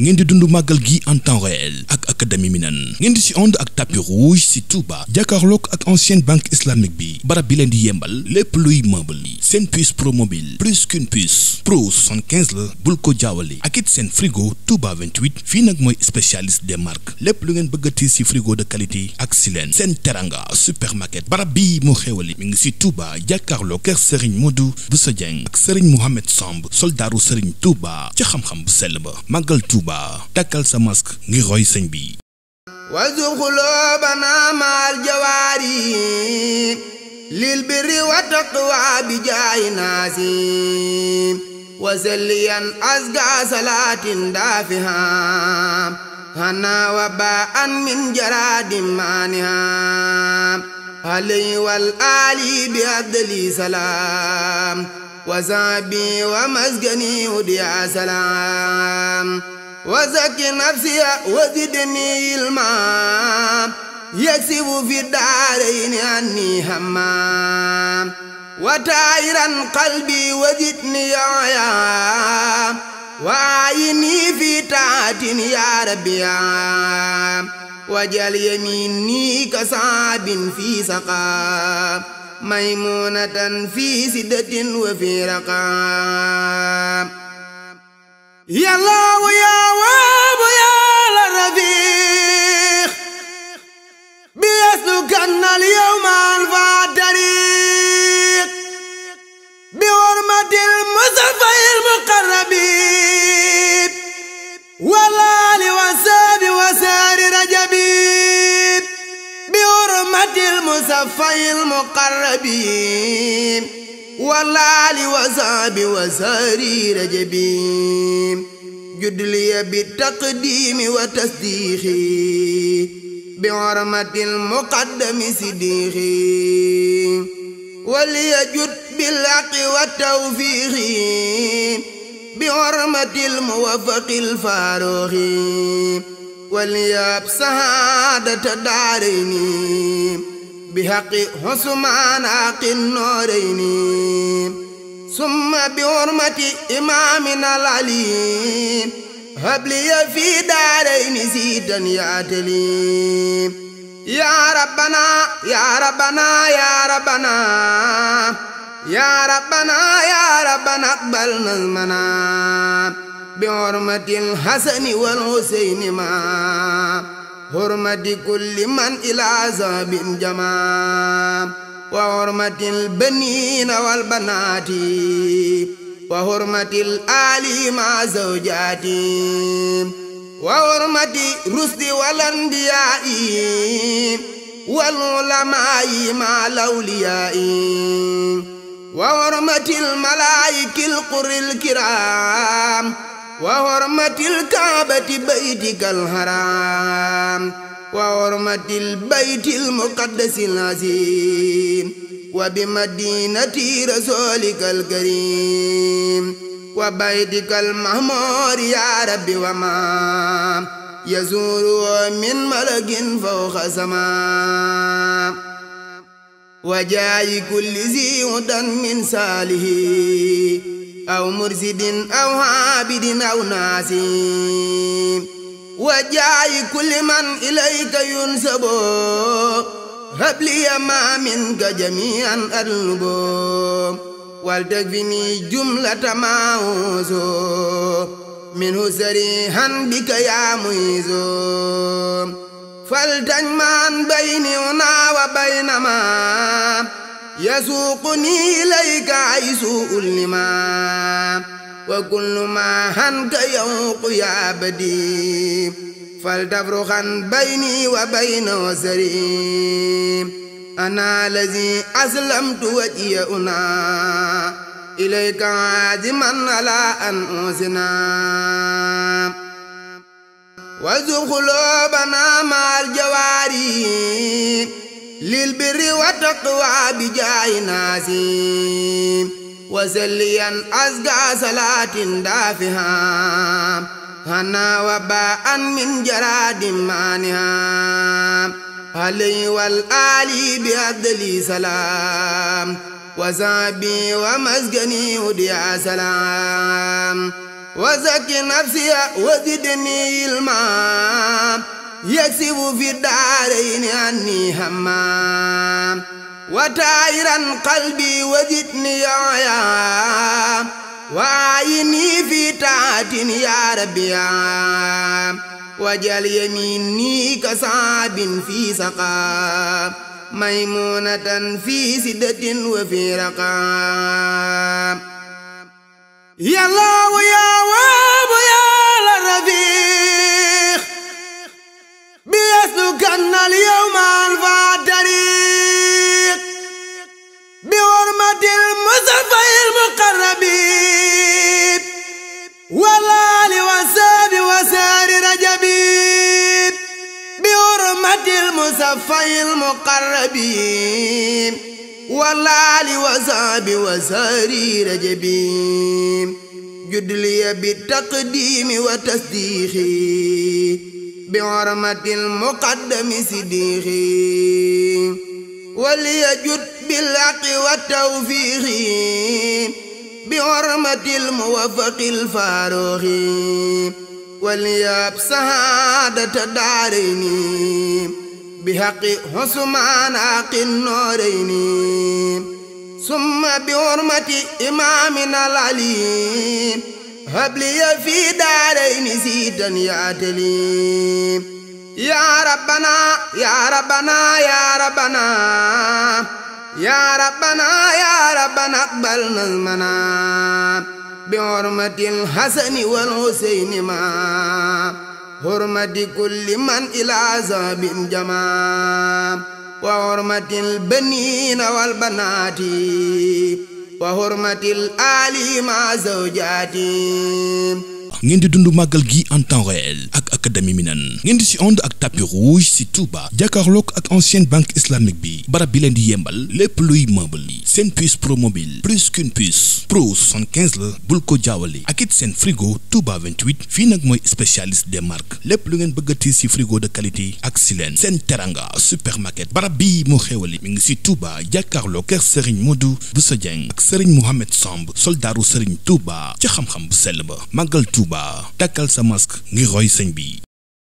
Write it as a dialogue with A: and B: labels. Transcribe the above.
A: ngeen di dund màggal gii en temps réel Académie Minane ngeen di si onde ak tapis rouge si Touba jàkkaarloog ak ancienne banque islamique bi barab bi leen di yembal lépp luy meuble yi seen puce pro mobile plus qu'une puce pro la bul ko jaawale ak it seen frigo Touba 28 fii nag mooy spécialiste des marques lépp lu ngeen bëggati si frigo de qualité ak si leen seen teranga supermarket barab bi mu xéwali mi ngi si Touba jàkkaarloog kër Serigne Modou Bousso Dieng ak Serigne Mohamed Samb soldaaru Serigne Touba ci xam-xam bu sell ba màggal Touba takkal sa masque ngir sëñ bi
B: wasu xulóobana maal jawaari lil birri wa taqwa bi jaay naasi wasalliyan asga salaatin daafiha hana wa ba'an min jaradin maaniha alayhi wal aali bi abdali salaam wa saabi wa maskani udiya salaam وزكي نفسي وزدني علما يكسب في الدارين عني هما وطاهرا قلبي وزدني عيا وعيني في طاعة يا ربي وجعل يميني كصعب في سقام ميمونة في سدة وفي رقام
A: يا الله يا
B: شفي المقربين والآل وصحبي وساري رجبي جد لي بالتقديم وتصديقي بحرمة المقدم صديقي وليجد بالحق والتوفيق بحرمة الموفق الفاروق ولياب سعادة دارين بحق حسمان عاق النورين ثم بحرمة إمامنا العليم هب لي في دارين زيدا يا دليم يا ربنا يا ربنا يا ربنا يا ربنا يا ربنا اقبل نظمنا بحرمة الحسن والحسين ما hurmati kulli man ilaa sabin jamaam wa hurmatil baniina wal banaati wa hurmatil aali ma zawjaati wa hurmati rusdi wal anbiyaa'i wal ulamaa'i ma lawliyaa'i wa hurmatil malaa'ikil qurril kiraam wa hurmatil kaabati baytikal haraam وحرمة البيت المقدس العظيم وبمدينة رسولك الكريم وبيتك المعمور يا رب وما يزور من ملك فوق سماء وجاي كل ذي هدى من ساله أو مرشد أو عابد أو ناسي wa jaayi kulli man ilayka yunsaboo habliya maa minka jamian atluboo wal takfini jumlata maa uusoo minhu sarihan bika yaa muisoo fal tañ maan bayni unaa wa baynamaa yasuuquni ilayka aysuul limaa wa kullu ma hanka yawqu ya badi fal tafruxan bayni wa bayna wasarim ana lazi aslamtu wajhiya una ilayka aziman ala an usina wazu qulubana ma'al jawari lil birri wa taqwa bi jaayi naasi وسليا أزكى صلاة دافها هنا وباء من جراد مانها علي والآلي بأبدلي سلام وزابي ومسجني وديا سلام وزك نفسي وزدني الماء يكسب في الدارين أني همام وتائرا قلبي وزدني يا وعيني في طاعة يا ربي واجعل يميني كساب في سقاء ميمونة في سدة وفي رقاء يا الله شفي المقربين والآل وصحبي وساري رجبي جد لي بالتقديم وتصديقي بحرمة المقدم صديقي وليجد بالحق والتوفيق بحرمة الموفق الفاروق ولياب سعادة دارين بحق حسمان عاق النورين ثم بحرمة إمامنا العليم هب لي في دارين زيدا يا دليم يا ربنا يا ربنا يا ربنا يا ربنا يا ربنا اقبل نظمنا بحرمة الحسن والحسين ما hurmati kulli man ilaa sabin jamaam wa hurmatil baniina wal banaati wa hurmatil aali ma zawjaati
A: ngeen di dund màggal gi en temps réel académie minan ngeen di si ond ak tapis rouge si Touba jàkkaarloog ak ancienne banque islamique bi barab bi leen di yembal lépp luy meuble yi seen puce pro mobile plus qu'une puce pro 75 la bul ko jaawale ak it seen frigo Touba 28 fii nag mooy spécialiste des marques lépp lu ngeen bëggati si frigo de qualité ak si leen seen teranga supermarket barab bi moo xéewali mi ngi si Touba jàkkaarloog kër Serigne du Bousso Dieng ak Serigne Mohamed Samb soldaaru Serigne Touba ci xam bu sell ba màggal Touba takkal sa masque ngir sëñ bi